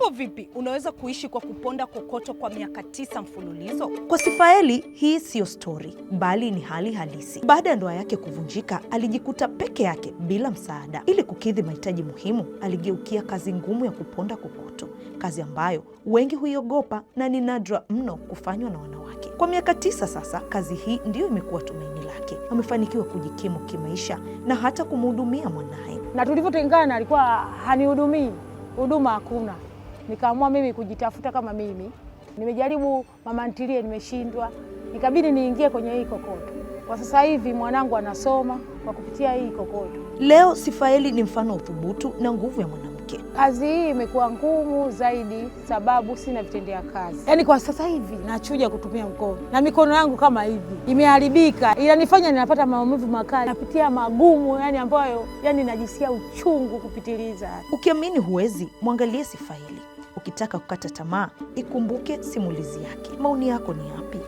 Mambo vipi? Unaweza kuishi kwa kuponda kokoto kwa miaka tisa mfululizo? Kwa Sifaeli, hii siyo stori, bali ni hali halisi. Baada ya ndoa yake kuvunjika, alijikuta peke yake bila msaada. Ili kukidhi mahitaji muhimu, aligeukia kazi ngumu ya kuponda kokoto, kazi ambayo wengi huiogopa na ni nadra mno kufanywa na wanawake. Kwa miaka tisa sasa, kazi hii ndiyo imekuwa tumaini lake. Amefanikiwa kujikimu kimaisha na hata kumhudumia mwanaye, na tulivyotengana alikuwa hanihudumii, huduma hakuna nikaamua mimi kujitafuta kama mimi. Nimejaribu mama ntilie, nimeshindwa, nikabidi niingie kwenye hii kokoto. Kwa sasa hivi mwanangu anasoma kwa kupitia hii kokoto. Leo Sifaeli ni mfano wa uthubutu na nguvu ya mwanamke. Kazi hii imekuwa ngumu zaidi, sababu sina vitendea kazi. Yaani kwa sasa hivi nachuja kutumia mkono na mikono yangu kama hivi imeharibika, inanifanya ninapata maumivu makali, napitia magumu yani ambayo yani najisikia uchungu kupitiliza. Ukiamini huwezi, mwangalie Sifaeli. Ukitaka kukata tamaa, ikumbuke simulizi yake. Maoni yako ni yapi?